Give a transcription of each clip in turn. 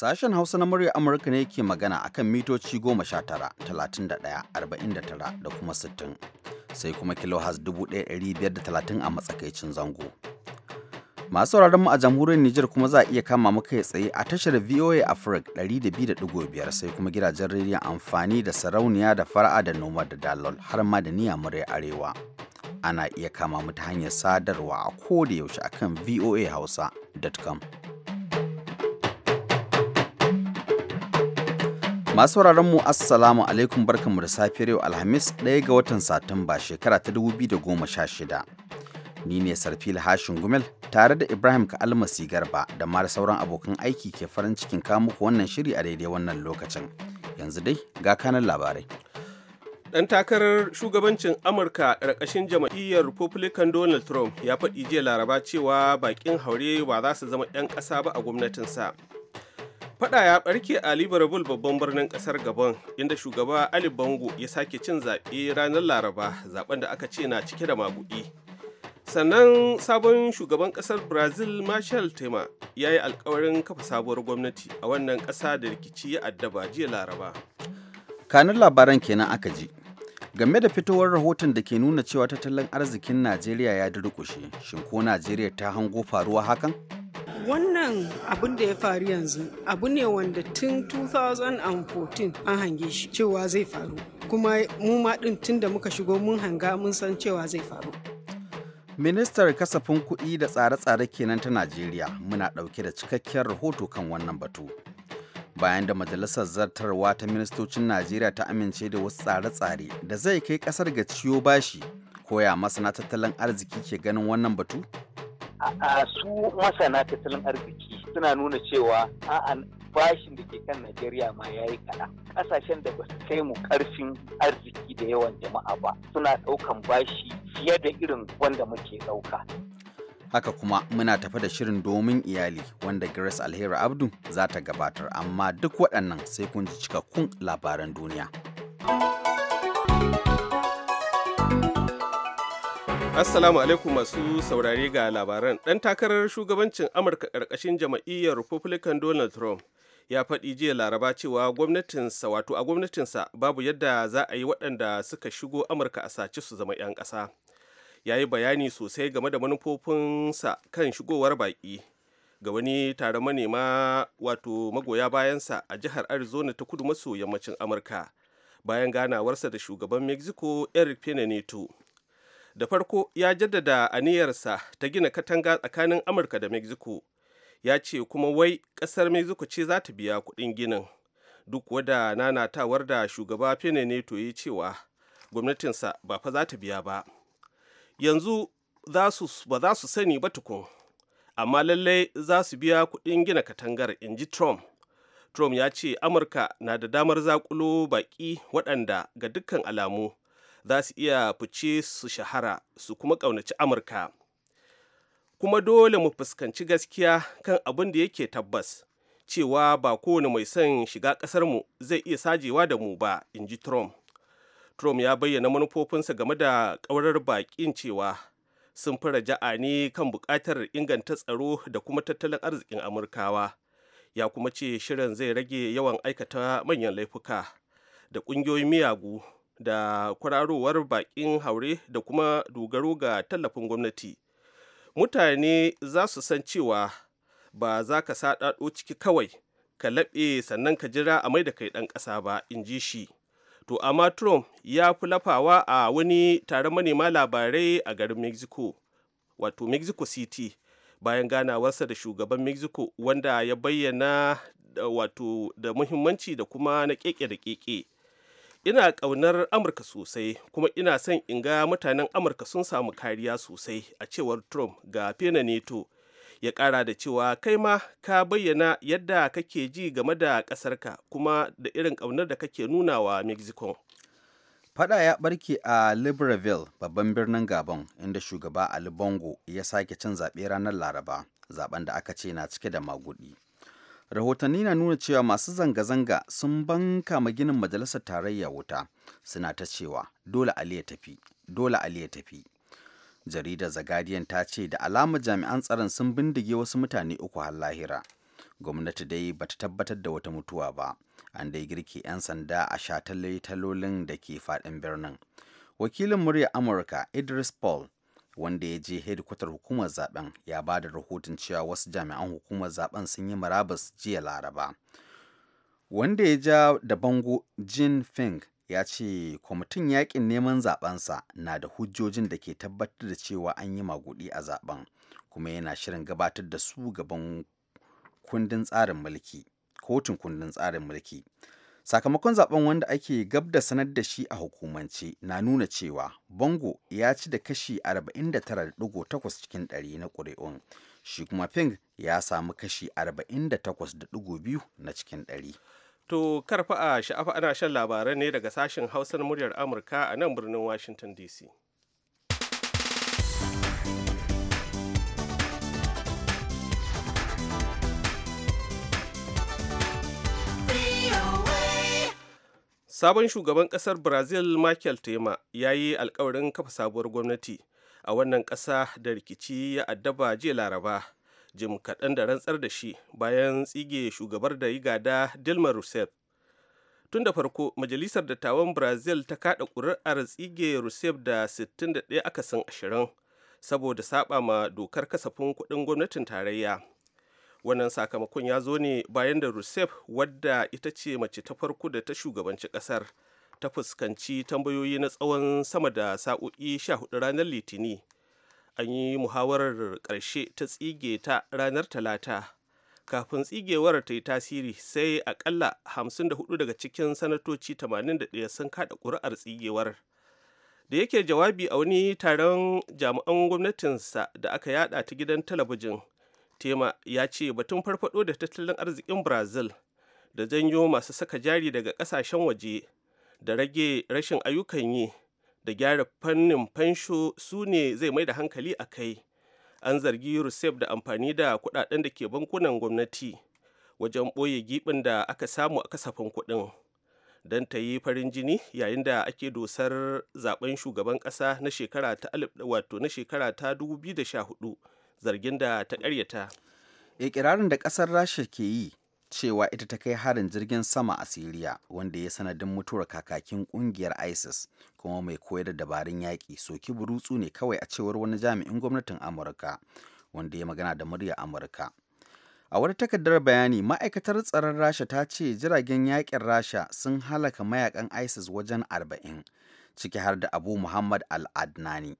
Sashen Hausa na murya Amurka ne ke magana akan mitoci goma sha tara talatin da kuma sittin Sai kuma kilohaz 1530 a matsakaicin zango. Masu mu a jamhuriyar Nijar kuma za a iya kama mu kai tsaye a tashar VOA Africa 102.5 sai kuma gidajen rediyon amfani da sarauniya da fara'a da noma da dalol har ma da niya murya arewa. Ana iya kama mu ta hanyar sadarwa a koda yaushe akan voahausa.com. Masu sauraron mu Assalamu alaikum barkanmu da safiyar yau Alhamis ɗaya ga watan Satumba shekara ta dubu biyu da goma sha shida Ni ne Sarfil Hashin Gumel tare da Ibrahim Ka'almasi Garba da ma sauran abokan aiki ke farin cikin muku wannan shiri a daidai wannan lokacin. Yanzu dai ga kanan labarai. Ɗan takarar shugabancin Amurka ƙarƙashin jam'iyyar Republican Donald Trump ya faɗi jiya Laraba cewa baƙin haure ba za su zama 'yan ƙasa ba a gwamnatinsa. Fada ya barke a Libreville babban birnin kasar Gabon inda shugaba Ali Bango ya sake cin zaɓe ranar Laraba zaben da aka ce na cike da maguɗi. Sannan sabon shugaban kasar Brazil Marshal Tema ya yi alkawarin kafa sabuwar gwamnati a wannan kasa da rikici ya addaba jiya Laraba. Kanin labaran kenan aka ji. game da fitowar rahoton da ke nuna cewa tattalin arzikin najeriya ya durƙushe shin ko najeriya ta hango faruwa hakan Wannan abin da ya faru yanzu abu ne wanda tun 2014 an hange shi cewa zai faru. Kuma mu ma tun da muka shigo mun hanga mun san cewa zai faru. Ministar kasafin kuɗi da tsare-tsare kenan ta Najeriya muna ɗauke da cikakken rahoto kan wannan batu. bayan da majalisar zartarwa ta ministocin najeriya ta amince da wasu tsare-tsare da zai kai ƙasar ga ciyo bashi koya masana tattalin arziki ke ganin wannan batu a su masana tattalin arziki suna nuna cewa a'a bashin da ke kan Najeriya ma ya yi Ƙasashen da ba su kai mu ƙarfin arziki da yawan jama'a ba suna ɗaukan bashi fiye da irin wanda muke ɗauka. Haka kuma muna tafi da shirin domin iyali wanda Grace Alheri Abdu za ta gabatar amma duk waɗannan sai kun ji cikakkun labaran duniya. Assalamu alaikum masu saurare ga labaran. Ɗan takarar shugabancin Amurka ƙarƙashin jama'iyyar Republican Donald Trump ya faɗi jiya laraba cewa gwamnatinsa wato a gwamnatinsa babu yadda za a yi waɗanda suka shigo Amurka a sace su zama 'yan ƙasa. Ya yi bayani sosai game da manufofinsa kan shigowar baƙi. Ga wani taron manema wato magoya bayansa a jihar Arizona ta kudu maso yammacin Amurka. Bayan ganawarsa da shugaban Mexico Eric Pena da farko ya jaddada aniyarsa ta gina katanga tsakanin amurka da mexico ya ce kuma wai ƙasar mexico ce za ta biya kuɗin ginin duk wada nanatawar da shugaba fene ne neto yi cewa gwamnatinsa ba fa za ta biya ba yanzu ba za su sani ba tukun amma lallai za su biya kuɗin gina katangar in ji trump trump ya ce amurka na da damar zakulo baƙi waɗanda ga dukkan alamu za su iya fice su shahara su kuma ƙaunaci amurka kuma dole mu fuskanci gaskiya kan abin da yake tabbas cewa ba kowane mai son shiga ƙasarmu zai iya sajewa da mu ba in ji trump trump ya bayyana manufofinsa game da ƙaurar baƙin cewa sun fi raja'a ne kan buƙatar inganta tsaro da kuma tattalin arzikin amurkawa ya kuma ce shirin zai rage yawan aikata manyan laifuka da ƙungiyoyin miyagu da kwararowar bakin haure da kuma dogaro ga tallafin gwamnati mutane za su san cewa ba za ka saɗaɗo ciki kawai ka laɓe sannan ka jira a mai da kai ɗan ƙasa ba in ji shi to amma trump ya fi lafawa a wani taron manema labarai a garin mexico wato mexico city bayan ganawarsa da shugaban mexico wanda ya bayyana wato da muhimmanci da kuma na keke da keke ina ƙaunar amurka sosai kuma ina son in ga mutanen amurka sun samu kariya sosai a cewar trump ga fena neto ya ƙara da cewa kai ma ka bayyana yadda kake ji game da ƙasarka kuma da irin ƙaunar da kake nuna wa mexico fada ya barke a libreville babban birnin gabon inda shugaba ali bongo ya sake cin zaɓe ranar laraba zaben da aka ce na cike da magudi rahotanni na nuna cewa masu zanga-zanga sun banka ma ginin majalisar tarayya wuta suna ta cewa dole ali ya tafi dole ali ya tafi jaridar the guardian ta ce da alama jami'an tsaron sun bindige wasu mutane uku har lahira gwamnati dai ba ta tabbatar da wata mutuwa ba an dai girki 'yan sanda a shatalle talolin da ke faɗin birnin wakilin murya amurka idris paul wanda ya je hedikwatar hukumar zaben ya ba da rahoton cewa wasu jami'an hukumar zaben sun yi marabas jiya laraba wanda ya ja da bango jin feng ya ce kwamitin yakin neman zabensa na da hujjojin da ke tabbatar da cewa an yi magudi a zaben kuma yana shirin gabatar da su gaban kundin tsarin mulki kotun kundin tsarin mulki sakamakon zaben wanda ake gab da sanar da shi a hukumance na nuna cewa bongo ya ci da kashi 49.8 cikin ɗari na ƙuri'un shi kuma ping ya samu kashi 48.2 na cikin ɗari. to karfa a sha'afa ana shan labarai ne daga sashen hausar muryar amurka a nan birnin washington dc sabon shugaban kasar brazil michael tema ya yi alkawarin kafa sabuwar gwamnati a wannan kasa da rikici ya addaba jiya laraba jim kaɗan da rantsar da shi bayan tsige shugabar da yi gada dilma rousseff tun da farko majalisar dattawan brazil ta kada ƙuri'ar tsige rousseff da 61 akasin 20 saboda saba ma dokar kasafin kuɗin gwamnatin tarayya wannan sakamakon ya zo ne bayan da rusef wadda ita ce mace ta farko da ta shugabanci kasar ta fuskanci tambayoyi na tsawon sama da sa'o'i 14 ranar litini an yi muhawarar ƙarshe ta tsige ta ranar talata kafin tsigewar ta yi tasiri sai akalla 54 daga cikin sanatoci 81 sun kada ƙuri'ar tsigewar da yake jawabi a wani taron jami'an gwamnatinsa da aka yada ta gidan talabijin tema ya ce batun farfado da tattalin arzikin brazil da janyo masu saka jari daga kasashen waje da rage rashin ayyukan yi da gyara fannin fansho su ne zai mai da hankali a kai an zargi rusef da amfani da kudaden da ke bankunan gwamnati wajen ɓoye gibin da aka samu a kasafin kuɗin don ta yi farin jini yayin da ake dosar zaben shugaban ƙasa na shekara ta 2014 zargin da ta karyata ikirarin da kasar rasha ke yi cewa ita ta kai harin jirgin sama a siriya wanda ya sanadin mutuwar kakakin ƙungiyar isis kuma mai koyar da dabarun yaƙi soki burutsu ne kawai a cewar wani jami'in gwamnatin amurka wanda ya magana da murya amurka a wata takardar bayani ma'aikatar tsaron rasha ta ce jiragen yaƙin rasha sun halaka mayakan isis wajen arba'in, ciki har da abu muhammad al-adnani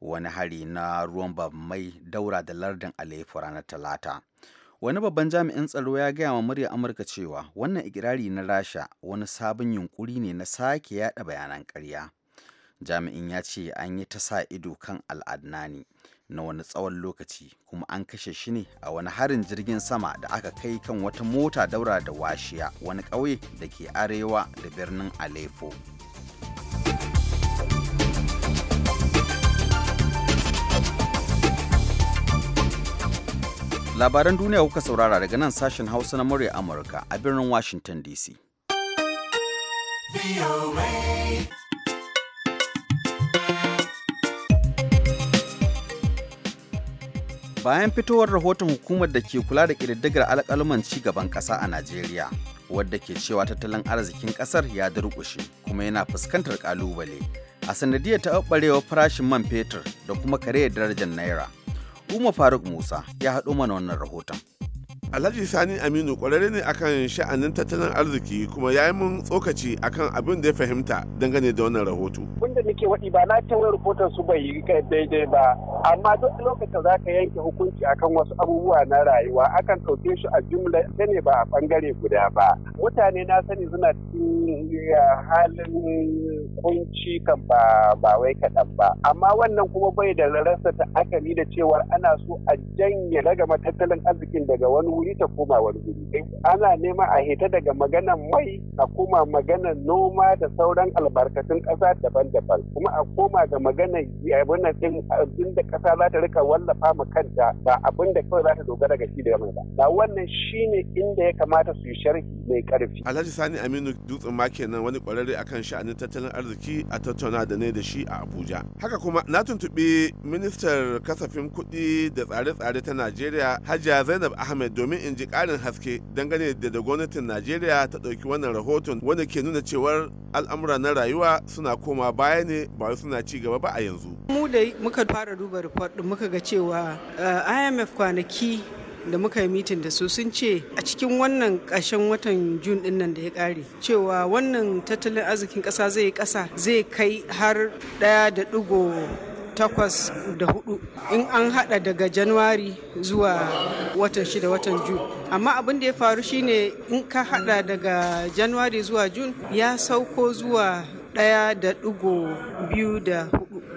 wani hari na ruwan mai daura da lardin Aleppo ranar Talata. Wani babban jami'in tsaro ya gaya wa murya Amurka cewa wannan ikirari na Rasha wani sabon yunkuri ne na sake yada bayanan ƙarya. Jami'in ya ce an yi ta sa ido kan al'adnani na wani tsawon lokaci kuma an kashe shi ne a wani harin jirgin sama da aka kai kan wata mota daura da washiya wani ƙauye da ke arewa da birnin Aleppo. Labaran duniya kuka saurara daga nan sashen Hausa na murya Amurka a birnin Washington DC. Bayan fitowar rahoton hukumar da ke kula da ƙididdigar alƙaluman gaban ƙasa a Najeriya, wadda ke cewa tattalin arzikin ƙasar ya durƙushe kuma yana fuskantar ƙalubale a sanadiyar taɓarɓarewar farashin man fetur da kuma karayar darajar naira. Umar Faruk Musa ya haɗo mana wannan rahoton. alhaji sani aminu kwararre ne akan sha'anin tattalin arziki kuma ya yi mun tsokaci akan abin da ya fahimta dangane da wannan rahoto wanda nake waɗi ba na tawaye rahoton su bai yi daidai ba amma duk lokacin za ka yanke hukunci akan wasu abubuwa na rayuwa akan ɗauke shi a jumla ta ne ba a ɓangare guda ba mutane na sani suna cikin eh, halin kunci kan ba ba wai kaɗan ba amma wannan kuma bai da rasa ta'akali da cewar ana so a janye ragama tattalin arzikin daga wani wuri ta koma wani ana nema a hita daga maganan mai a koma maganan noma da sauran albarkatun ƙasa daban-daban kuma a koma ga maganan yabunan din abin da ƙasa za ta rika wallafa ma kanta ba abin da kawai za ta dogara ga shi da mai ba wannan shine inda ya kamata su yi sharhi mai ƙarfi Alhaji Sani Aminu Dutsen ma kenan wani ƙwararre akan sha'anin tattalin arziki a tattauna da ne da shi a Abuja haka kuma na tuntuɓi ministar kasafin kuɗi da tsare-tsare ta Najeriya Hajiya Zainab Ahmed domin domin in ji karin haske dangane da gwamnatin najeriya ta ɗauki wannan rahoton wanda ke nuna cewar al'amura na rayuwa suna koma baya ne ba suna ci gaba ba a yanzu mu da muka fara duba report din muka ga cewa eh, imf kwanaki da muka yi mitin da su sun ce a cikin wannan ƙarshen watan jun din nan da ya kare cewa wannan tattalin arzikin kasa zai kasa zai kai har ɗaya da ɗigo takwas da hudu in an hada daga januwari zuwa watan shida watan jun amma abin da ya faru shine in ka hada daga januwari zuwa jun ya sauko zuwa daya da digo biyu da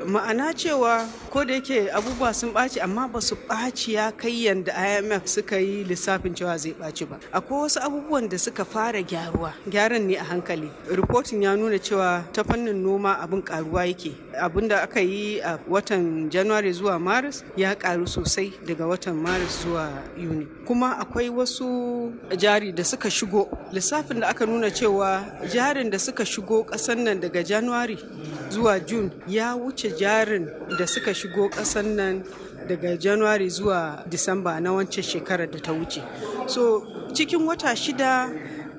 ma'ana cewa ko da yake abubuwa sun ɓaci amma ba su ɓaci ya kai yadda imf suka yi lissafin cewa zai ɓaci ba akwai wasu abubuwan da suka fara gyaruwa gyaran ne a hankali ripotin ya nuna cewa ta fannin noma abin karuwa yake abin da aka yi a watan january zuwa maris ya karu sosai daga watan maris zuwa yuni kuma akwai wasu jari da suka shigo lissafin da aka nuna cewa jarin da suka shigo ƙasan nan daga january zuwa Jun ya wuce jarin da suka shigo ƙasan nan daga januari zuwa disamba na wancan shekarar da ta wuce so cikin wata shida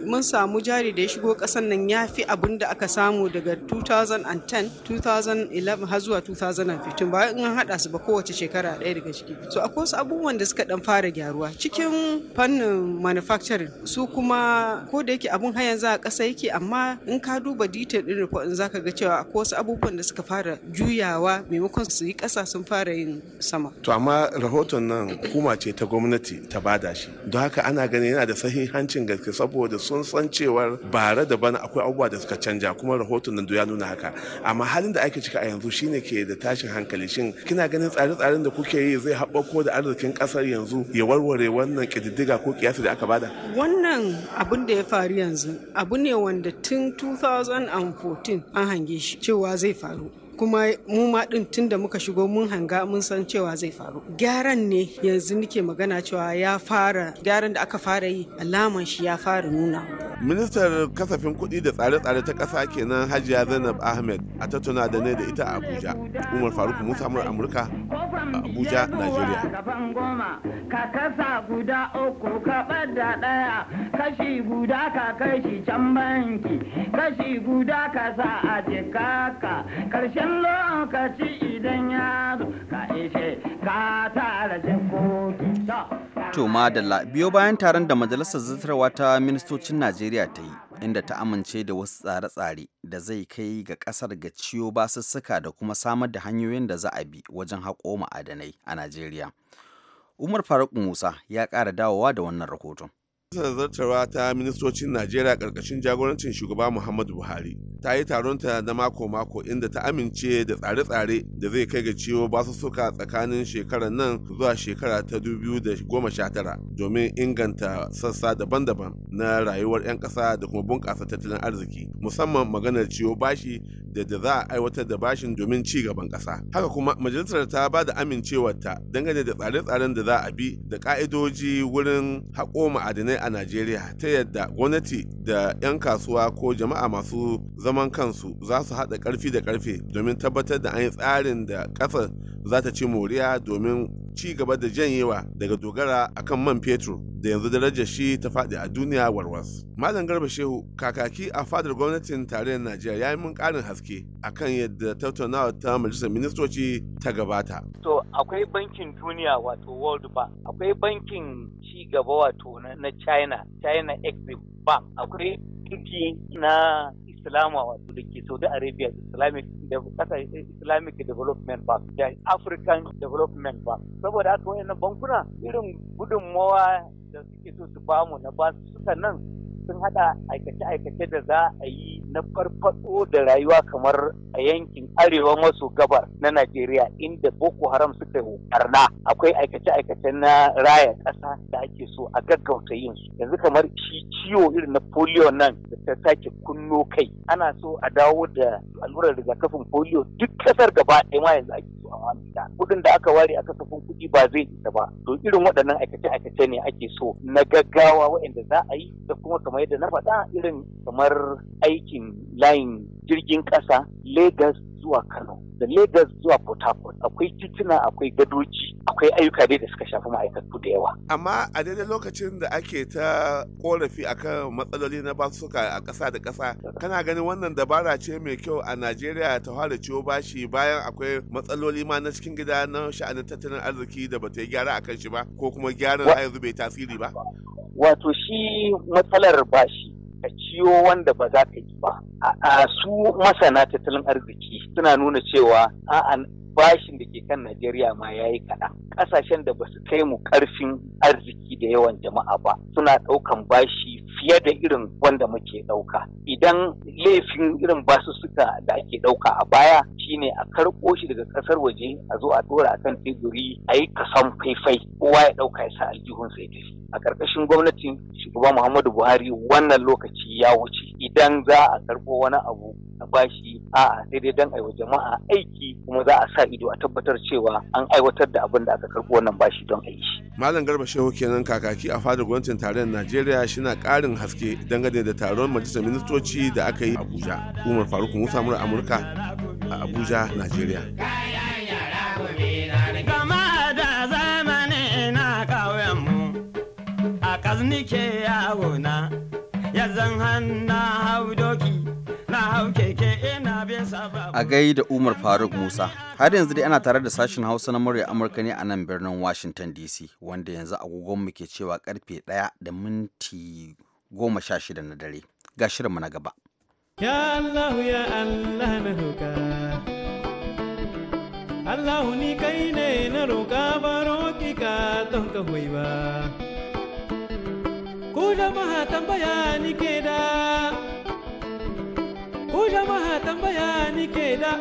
mun samu jari da ya shigo kasan nan ya fi abin da aka samu daga 2010 2011 har zuwa 2015 ba in an hada su ba kowace shekara ɗaya daga ciki so akwai wasu abubuwan da suka dan fara gyaruwa cikin fannin manufacturing su kuma ko da yake abun hayan za a ƙasa yake amma in ka duba detail din report in zaka ga cewa akwai wasu abubuwan da suka fara juyawa maimakon su yi ƙasa sun fara yin sama to amma rahoton nan hukuma ce ta gwamnati ta bada shi don haka ana ganin yana da sahihancin gaske saboda sun san cewar ra da bana akwai abubuwa da suka canja kuma rahoton nan ya nuna haka amma halin da ake cika a yanzu shine ke da tashin hankali shin kina ganin tsare-tsaren da kuke yi zai haɓako da arzikin ƙasar yanzu ya warware wannan ƙididdiga ko kiyasi da aka bada wannan abin da ya faru yanzu abu ne wanda tun 2014 an hange shi cewa zai faru kuma mu ma din da muka shigo mun hanga mun san cewa zai faru gyaran ne yanzu nike magana cewa ya fara gyaran da aka fara yi alaman shi ya fara nuna ministar kasafin Kudi da tsare-tsare ta ƙasa kenan hajiya zainab ahmed a tattauna da ne da ita a abuja umar faruk musa amurka a Abuja, Najeriya. Ka kasa guda uku ka ɓadda ɗaya kashi guda ka kai shi can banki kashi guda ka sa a jikaka karshen lokaci idan ya zo ka ishe ka tara jikoki. To madalla biyo bayan taron da majalisar zartarwa ta ministocin Najeriya ta yi inda ta amince da wasu tsare-tsare da zai kai ga kasar ga ciyo basussuka da kuma samar da hanyoyin da za a bi wajen haƙo ma'adanai a Najeriya. Umar Faruk Musa ya ƙara dawowa da wannan rahoton. zartarwa ta ministocin Najeriya ƙarƙashin jagorancin shugaba Muhammadu Buhari ta yi taronta na mako-mako inda ta amince da tsare-tsare da zai kai ga ciwo suka tsakanin shekarar nan zuwa shekara ta 2019 domin inganta sassa daban-daban na rayuwar 'yan ƙasa da kuma bunƙasa tattalin arziki musamman maganar ciwo bashi da da za a aiwatar da bashin domin ci gaban ƙasa haka kuma majalisar ta ba da amincewarta dangane da tsare-tsaren da za a bi da ƙa'idoji wurin haƙo ma'adinai a najeriya ta yadda gwamnati da 'yan kasuwa ko jama'a masu zama zaman kansu za su haɗa ƙarfi da ƙarfe domin tabbatar da an yi tsarin da ƙasa za ta ci moriya domin ci gaba da janyewa daga dogara akan man fetur da yanzu darajar shi ta faɗi a duniya warwas. Malam Garba Shehu kakaki a fadar gwamnatin tarayyar Najeriya ya yi mun ƙarin haske akan yadda tattaunawa ta majalisar ministoci ta gabata. To akwai bankin duniya wato World Bank, akwai bankin ci gaba wato na China, China Exim Bank, akwai na islama wato da ke saudi arabia islamic islamic development bank da african development bank saboda haka wayannan bankuna irin gudunmawa da suke so su bamu na basu suka nan sun hada aikace-aikace da za a yi na farfado da rayuwa kamar a yankin arewa maso gabar na Najeriya inda Boko Haram suka yi barna akwai aikace-aikace na raya ƙasa da ake so a gaggauta yin su yanzu kamar shi ciwo irin na polio nan da ta sake kunno kai ana so a dawo da allurar rigakafin polio duk kasar gaba ɗaya ma yanzu ake so a mamita kuɗin da aka ware aka kasafin kuɗi ba zai isa ba to irin waɗannan aikace-aikace ne ake so na gaggawa waɗanda za a yi da kuma kamar yadda na faɗa irin kamar aikin layin jirgin ƙasa Lagos zuwa Kano da Lagos zuwa Port Harcourt akwai tituna akwai gadoji akwai ayyuka dai da suka shafi ma'aikatu da yawa. Amma a daidai lokacin da ake ta korafi akan matsaloli na basuka a ƙasa da ƙasa kana ganin wannan dabara ce mai kyau a Najeriya ta fara ciwo bashi bayan akwai matsaloli ma na cikin gida na sha'anin tattalin arziki da bata yi gyara akan shi ba ko kuma gyaran a yanzu bai tasiri ba. wato shi matsalar bashi a ciwo wanda ba za ka yi ba a su masana tattalin arziki suna nuna cewa a bashin da ke kan Najeriya ma ya yi kaɗan. Ƙasashen da ba su kai mu ƙarfin arziki da yawan jama'a ba suna ɗaukan bashi fiye da irin wanda muke ɗauka idan laifin irin basussuka da ake ɗauka a baya shine a karɓo shi daga ƙasar waje a zo a ɗora akan teburi a yi kasan faifai kowa ya ɗauka ya sa aljihun sai tafi a ƙarƙashin gwamnatin shugaba muhammadu buhari wannan lokaci ya wuce idan za a karɓo wani abu a bashi a'a sai dai don aiwa jama'a aiki kuma za a sa ido a tabbatar cewa an aiwatar da abin da aka karɓo wannan bashi don aiki malam garba shehu kenan kakaki a fadar gwamnatin tarayyar najeriya shina karin haske dangane da taron majalisar ministoci da aka yi abuja umar faruk musa mura amurka a abuja najeriya nike yawo na yanzu hannu na hau doki na hau keke A gai da Umar Faruk Musa, har yanzu dai ana tare da sashen Hausa na murya Amurka ne a nan birnin Washington DC, wanda yanzu agogon mu ke cewa karfe ɗaya da minti goma sha na dare. Ga shirinmu na gaba. ni kai ne na roƙa baro ki ka don ka tambaya ni ke bayani ke da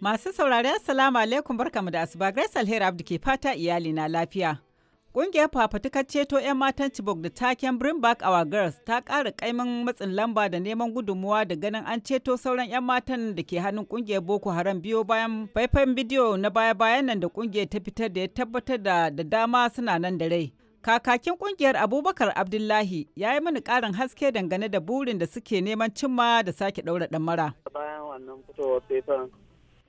Masu saurari Assalamu alaikum barkamu da asuba Grace Alheri Abdi ke fata iyali na lafiya. Ƙungiyar fafatukar ceto 'yan matan Chibok da taken Bring Back Our Girls ta ƙara ƙaimin matsin lamba da neman gudunmuwa da ganin an ceto sauran 'yan matan da ke hannun ƙungiyar Boko Haram biyo bayan faifan bidiyo na baya-bayan nan da ƙungiyar ta fitar da ya tabbatar da dama suna nan da rai. Kakakin kungiyar Abubakar Abdullahi ya yi mini karin haske dangane da burin da suke neman cimma da sake ɗaura damara. Bayan wannan fitowar faifan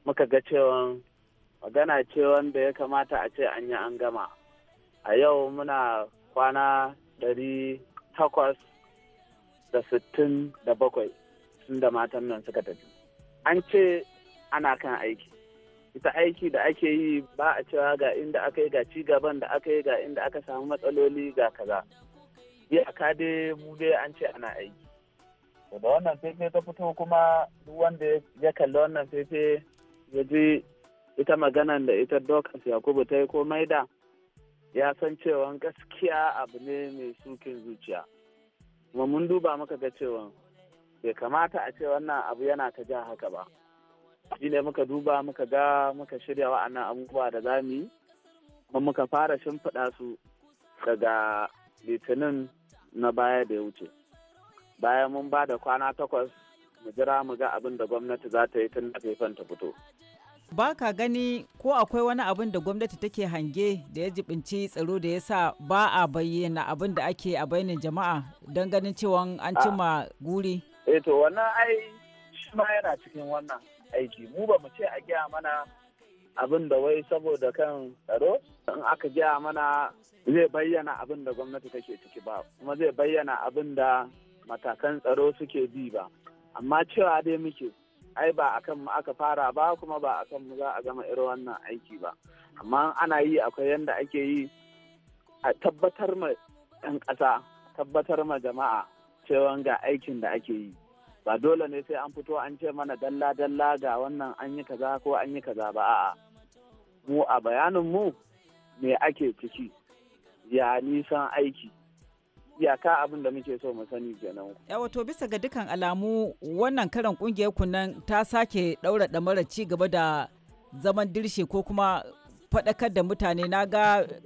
muka ga cewa magana ce wanda ya kamata a ce an yi an gama. A yau muna kwana dari takwas da sittin da bakwai sun da matan nan suka tafi. An ce ana kan aiki. ita aiki da ake yi ba a cewa ga inda aka yi ga ci gaban da aka yi ga inda aka samu matsaloli ga kaza iyaka dai mu dai an ce ana aiki da wannan fefe ta fito kuma duk wanda ya kalli wannan fefe ya ji ita magana da ita dokas yakubu ta yi komai da ya san cewa gaskiya abu ne mai sukin zuciya kuma mun duba maka ga cewa bai kamata a ce wannan abu yana ta ja haka ba shi ne muka duba muka ga muka shirya wa'annan abubuwa da za mu yi kuma muka fara shimfiɗa su daga litinin na baya da ya wuce bayan mun ba da kwana takwas mu jira mu ga abin da gwamnati za ta yi tun da ta fito ba ka gani ko akwai wani abin da gwamnati take hange da ya jibinci tsaro da ya sa ba a bayyana abin da ake a bainin jama'a don ganin cewa an cima guri? eto eh wannan ai shi ma yana cikin wannan aiki mu ba mu ce a gaya mana abin da wai saboda kan tsaro in aka gaya mana zai bayyana abin da gwamnati take ciki ba kuma zai bayyana abin da matakan tsaro suke bi ba amma cewa dai muke ai ba akan mu aka fara ba kuma ba akan mu za a gama irin wannan aiki ba amma ana yi akwai yanda ake yi a tabbatar ma 'yan ƙasa tabbatar ma jama'a cewa ga aikin da ake yi ba dole ne sai an fito an ce mana dalla-dalla ga wannan an yi kaza ko an yi kaza ba a'a mu a bayanin mu me ake ciki ya nisan aiki iyaka abin da muke so mu sani kenan. ya wato bisa ga dukan alamu wannan karan kungiyar kunan ta sake daura mara ci gaba da zaman dirshe ko kuma faɗakar da mutane na ga eh,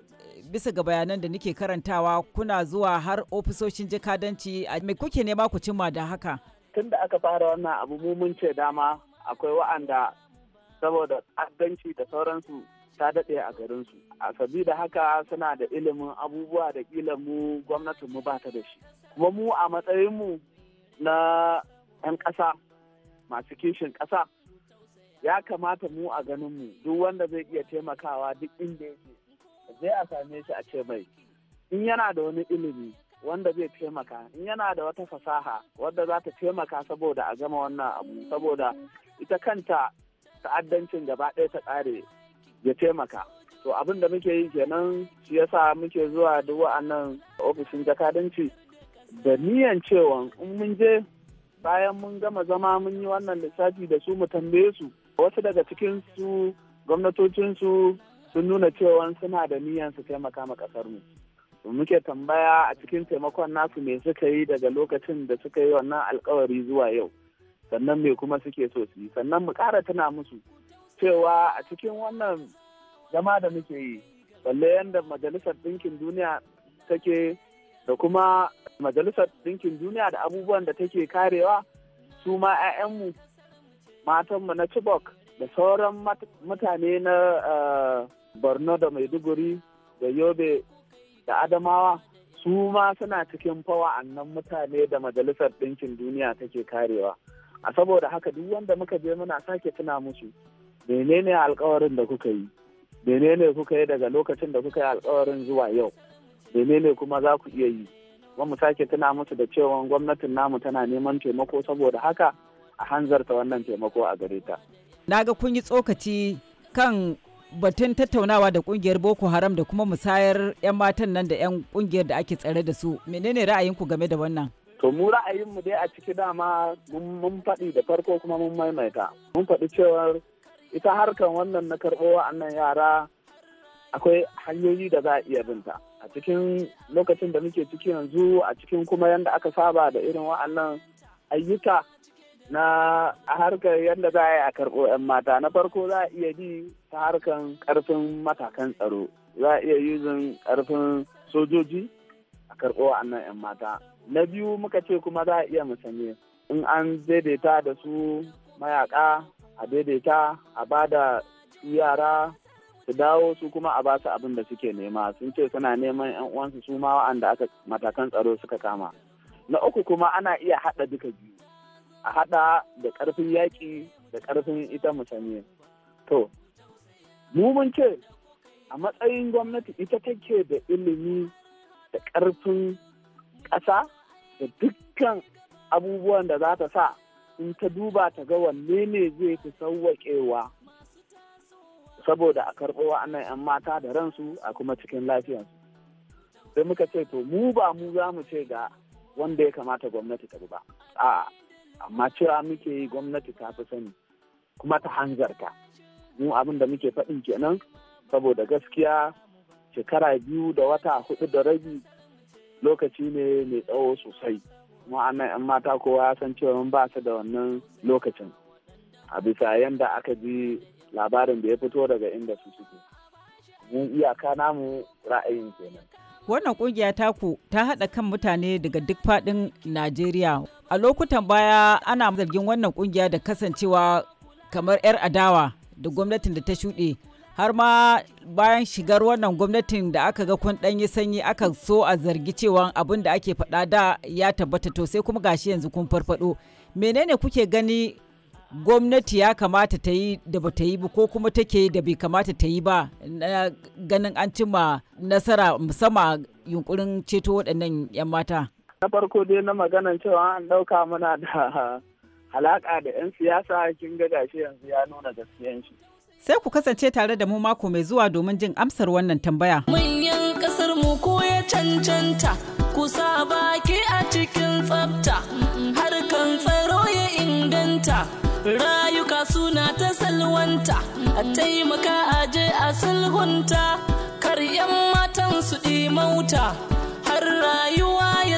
bisa ga bayanan da nake karantawa kuna zuwa har ofisoshin jakadanci me kuke nema ku cimma da haka? tun da aka fara wannan abu mu mun ce dama akwai wa'anda saboda addanci da sauransu ta daɗe a garinsu a sabida haka suna da ilimin abubuwa da ƙila mu gwamnatin mu ba ta da shi kuma mu a matsayin mu na 'yan ƙasa masu kishin ƙasa ya kamata mu a ganin mu duk wanda zai iya taimakawa duk inda yake zai a same shi a ce mai in yana da wani ilimi wanda zai taimaka in yana da wata fasaha wadda za ta taimaka saboda a gama wannan abu saboda ita kanta ta'addancin gaba ɗaya ta ƙare ya taimaka to abin da muke yi kenan shi yasa muke zuwa duk wa'annan ofishin jakadanci da niyan cewa in mun je bayan mun gama zama mun yi wannan lissafi da su mu tambaye su wasu daga cikin su gwamnatocinsu sun nuna cewa suna da niyan su taimaka ma kasar mu muke tambaya a cikin taimakon nasu me suka yi daga lokacin da suka yi wannan alkawari zuwa yau sannan me kuma suke so su yi sannan mu kara tana musu cewa a cikin wannan zama da muke yi balle yadda majalisar ɗinkin duniya take da kuma majalisar ɗinkin duniya da abubuwan da take karewa su ma 'ya'yanmu matanmu na chibok da sauran mutane na eh, borno da maiduguri da yobe da adamawa su ma suna cikin fawa annan mutane da majalisar ɗinkin duniya take karewa a saboda haka duk wanda muka je muna sake tuna musu menene alkawarin da kuka yi menene kuka yi daga lokacin da kuka yi alkawarin zuwa yau menene kuma za ku iya yi kuma mu sake tuna musu da cewa gwamnatin namu tana neman taimako saboda haka a hanzarta wannan taimako a gare ta na ga kun yi tsokaci kan batun tattaunawa da kungiyar boko haram da kuma musayar 'yan matan nan da 'yan kungiyar da ake tsare da su menene ku game da wannan to mu ra'ayin mu dai a ciki dama mun faɗi da farko kuma mun maimaita mun faɗi cewar ita harkar wannan na karɓo wa'annan yara akwai hanyoyi da za a iya binta a cikin lokacin da muke ciki yanzu a cikin kuma yanda aka saba da irin wa'annan ayyuka na harkar yadda za a yi a karɓo 'yan mata na farko za a iya bi ta harkar ƙarfin matakan tsaro za a iya yuzin ƙarfin sojoji a karɓo wa'annan 'yan mata na biyu muka ce kuma za a iya musanye in an daidaita da su mayaka a daidaita a ba da yara su dawo su kuma a ba su abin da suke nema sun ce suna neman 'yan uwansu su ma wa'anda aka matakan tsaro suka kama na uku kuma ana iya haɗa duka biyu a haɗa da ƙarfin yaƙi da ƙarfin ita musamman To, mu mun ce a matsayin gwamnati ita take da ilimi da ƙarfin ƙasa da dukkan abubuwan da za ta sa in ta duba ta ga wanne ne zai fi sauwaƙewa saboda a karɓo wa'annan 'yan mata da ransu a kuma cikin lafiyansu Sai muka ce to mu ba mu za mu ce ga wanda ya kamata gwamnati ta bi ba. A'a. amma cewa muke yi gwamnati ta fi sani kuma ta hanzarta mu abin da muke faɗin kenan saboda gaskiya shekara biyu da wata hudu da rabi lokaci ne mai tsawo sosai kuma anan yan mata kowa ya san cewa ba su da wannan lokacin a bisa yadda aka ji labarin da ya fito daga inda su suke mu iyaka namu ra'ayin kenan wannan kungiya taku ta haɗa kan mutane daga duk faɗin najeriya a lokutan baya ana zargin wannan kungiya da kasancewa kamar 'yar adawa da gwamnatin da ta shuɗe har ma bayan shigar wannan gwamnatin da aka ga kun ɗanyi sanyi aka so a zargi cewa abin da ake faɗa da ya tabbata to sai kuma gashi yanzu kun farfaɗo menene kuke gani gwamnati ya kamata ta yi da ba ta yi ba ko kuma take da bai kamata ta yi ba na ganin an cimma nasara musamman yunkurin ceto waɗannan 'yan mata na farko dai na magana cewa an ɗauka muna da alaƙa da 'yan siyasa kin ga gashi yanzu ya nuna gaskiyan shi. Sai ku kasance tare da mu mako mai zuwa domin jin amsar wannan tambaya. Manyan ƙasar mu ko ya cancanta ku sa baki a cikin tsafta kan tsaro ya inganta rayuka suna ta salwanta a taimaka a je a sulhunta kar 'yan matan su mauta har rayuwa ya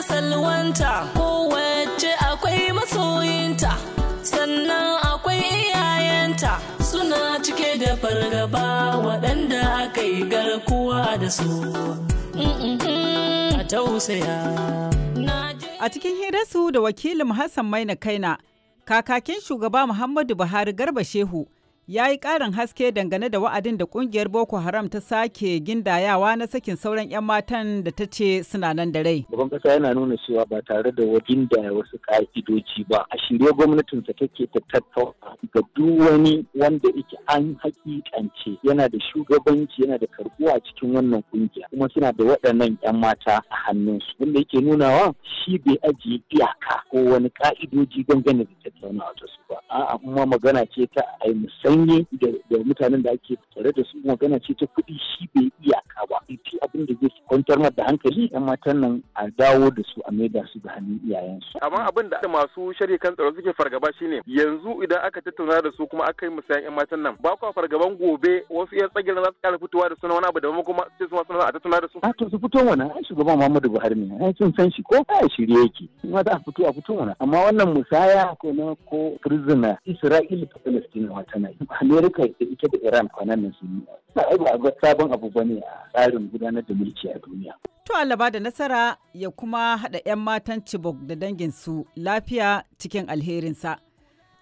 ko kowace akwai masoyinta sannan akwai iyayenta suna cike da fargaba waɗanda aka yi garkuwa da su a tausaya a cikin hirarsu da wakilin hassan maina kaina kakakin shugaba muhammadu buhari garba shehu ya yi ƙarin haske dangane da wa'adin da ƙungiyar boko haram ta sake gindayawa na sakin sauran 'yan matan da ta ce suna nan da rai. babban ƙasa yana nuna cewa ba tare da gindaya wasu ƙa'idoji ba a shirye gwamnatin sa take ta tattauna ga duk wani wanda yake an hakikance yana da shugabanci yana da karbuwa cikin wannan ƙungiya kuma suna da waɗannan 'yan mata a hannunsu wanda yake nunawa shi bai ajiye iyaka ko wani ƙa'idoji dangane da tattaunawa ta su ba. A'a kuma magana ce ta ai ganye da mutanen da ake tsare da su magana ce ta kuɗi shi bai iyaka ba abin da zai kwantar mata hankali yan matan nan a dawo da su a maida su da hannun iyayensu. Amma abin da masu shari'a kan tsaro suke fargaba shine yanzu idan aka tattauna da su kuma aka yi musayan yan matan nan ba kwa fargaban gobe wasu yan tsagirin za su kara fitowa da suna wani abu daban kuma sai su suna a tattauna da su. A to su fito mana ai shugaban Muhammadu Buhari ne ai sun san shi ko ba shirye yake kuma za a fito a fito mana amma wannan musaya ko na ko prisoner Isra'ila ta Palestina wata nan Amerika ita da Iran kwanan nan sun yi. Ba ba sabon abu bane a tsarin gudanar da mulki a duniya. To Allah da nasara ya kuma haɗa 'yan matan Chibok da danginsu lafiya cikin alherinsa.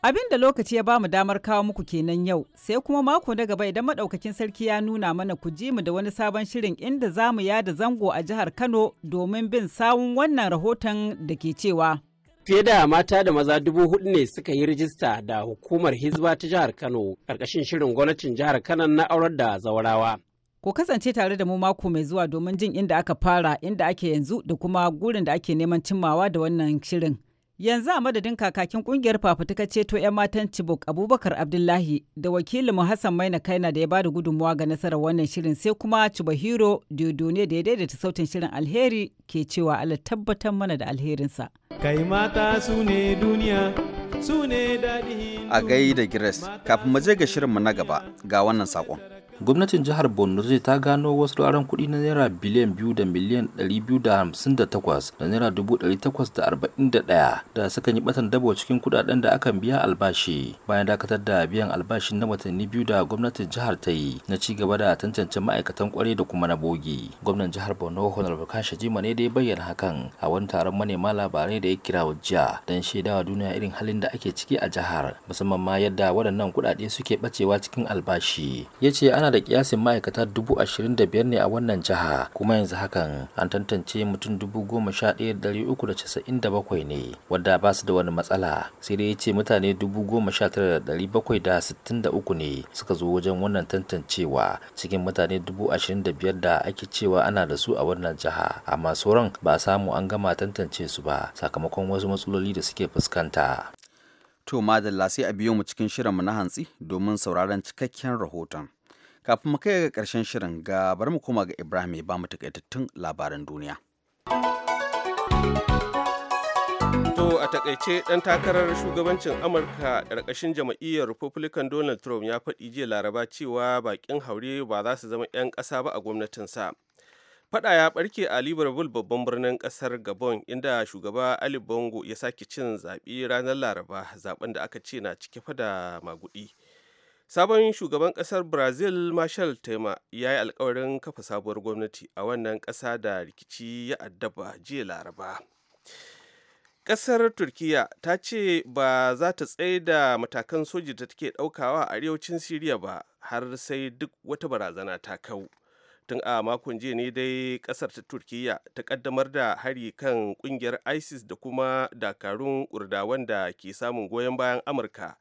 Abin da lokaci ya ba mu damar kawo muku kenan yau, sai kuma mako na gaba idan maɗaukakin sarki ya nuna mana ku ji mu da wani sabon shirin inda za mu yada zango a jihar Kano domin bin sawun wannan rahoton da ke cewa. Fiye da mata da maza dubu hudu ne suka yi rijista da hukumar Hizba ta jihar Kano ƙarƙashin shirin gwamnatin jihar Kano na aurar da zaurawa. Ku kasance tare da mu mako mai zuwa domin jin inda aka fara, inda ake yanzu da kuma gurin da ake neman cimmawa da wannan shirin. Yanzu a madadin kakakin kungiyar fafutuka ceto 'yan matan Chibok Abubakar Abdullahi da wakilin Hassan Maina Kaina da ya bada gudunmuwa ga nasarar wannan shirin sai kuma Chibahiro hero da ya daidaita sautin shirin alheri ke cewa Allah tabbatar mana da alherinsa. Kai mata su ne duniya su ne daɗi. A gai da Gires, kafin mu je ga shirin mu na gaba ga wannan saƙon. gwamnatin jihar borno zai ta gano wasu aron kuɗi na naira biliyan biyu da miliyan ɗari biyu da hamsin da takwas da naira dubu ɗari takwas da arba'in da ɗaya da suka yi batan dabo cikin kuɗaɗen da akan biya albashi bayan dakatar da biyan albashin na watanni biyu da gwamnatin jihar ta yi na ci gaba da tantance ma'aikatan kwarai da kuma na bogi gwamnan jihar borno honorable kashi jima ne da ya bayyana hakan a wani taron manema labarai da ya kira jiya don shaidawa duniya irin halin da ake ciki a jihar musamman ma yadda waɗannan kuɗaɗe suke ɓacewa cikin albashi ya ce ana da kiyasin ma'aikata dubu ashirin da biyar ne a wannan jiha kuma yanzu hakan an tantance mutum dubu goma sha ɗaya da uku da casa'in da bakwai ne wadda ba su da wani matsala sai dai ya ce mutane dubu goma sha tara da ɗari bakwai da sittin da uku ne suka zo wajen wannan tantancewa cikin mutane dubu ashirin da biyar da ake cewa ana da su a wannan jiha amma sauran ba a samu an gama tantance su ba sakamakon wasu matsaloli da suke fuskanta. To madalla sai a biyo mu cikin shirinmu na hantsi domin sauraron cikakken rahoton. kafin mu kai ga karshen shirin ga bari mu koma ga ibrahim ya ba mu takaitattun labaran duniya to a takaice dan takarar shugabancin amurka ƙarƙashin jam'iyyar republican donald trump ya faɗi jiya laraba cewa baƙin haure ba za su zama 'yan ƙasa ba a gwamnatin sa fada ya barke a liverpool babban birnin kasar gabon inda shugaba ali bongo ya sake cin zaɓe ranar laraba zaben da aka ce na cike fada magudi sabon shugaban kasar brazil marshal tema ya yi alkawarin kafa sabuwar gwamnati a wannan kasa da rikici ya addaba jiya laraba kasar turkiya ta ce ba za ta tsaye da matakan soji da take daukawa a arewacin siriya ba har sai duk wata barazana ta kau tun a makon jiya ne dai kasar ta turkiya ta kaddamar da hari kan kungiyar isis da kuma dakarun kurdawan da ke samun goyon bayan amurka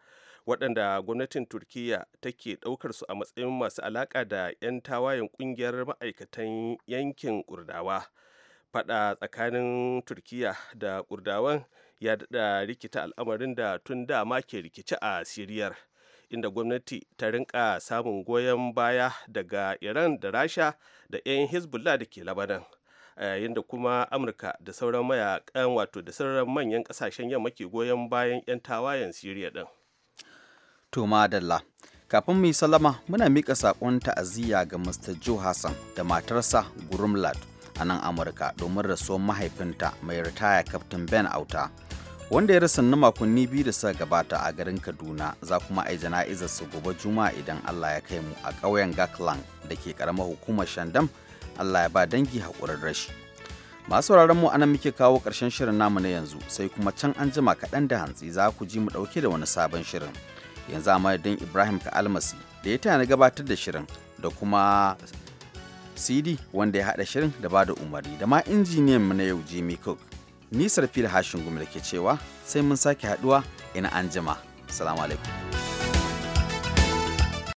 waɗanda gwamnatin turkiyya take ɗaukar su a matsayin masu alaƙa da 'yan tawayen ƙungiyar ma'aikatan yankin kurdawa faɗa tsakanin turkiyya da kurdawan ya daɗa rikita al'amarin da tun dama ke rikici a siriyar inda gwamnati ta rinka samun goyon baya daga iran da rasha da 'yan hezbollah da ke labanan yayin da kuma amurka da sauran mayakan wato da sauran manyan kasashen yamma ke goyon bayan 'yan tawayen siriya ɗin. To madalla. Kafin mu yi salama muna mika saƙon ta'aziyya ga Mr. Joe Hassan da matarsa Gurumlad a nan Amurka domin rasuwar mahaifinta mai ritaya Captain Ben Auta. Wanda ya rasa na makonni biyu da suka gabata a garin Kaduna za kuma a yi jana'izar su gobe Juma'a idan Allah ya kai mu a ƙauyen Gaklan da ke ƙaramar hukumar Shandam Allah ya ba dangi haƙurin rashi. Masu mu anan muke kawo ƙarshen shirin namu na yanzu sai kuma can an jima kaɗan da hantsi za ku ji mu ɗauke da wani sabon shirin. yanzu a madadin ibrahim ka almasi da ya tana gabatar da shirin da kuma cd wanda ya haɗa shirin da ba da umarni da ma injiniyan mu na yau jimmy cook ni fil hashin gumi da ke cewa sai mun sake haɗuwa ina anjima salamu alaikum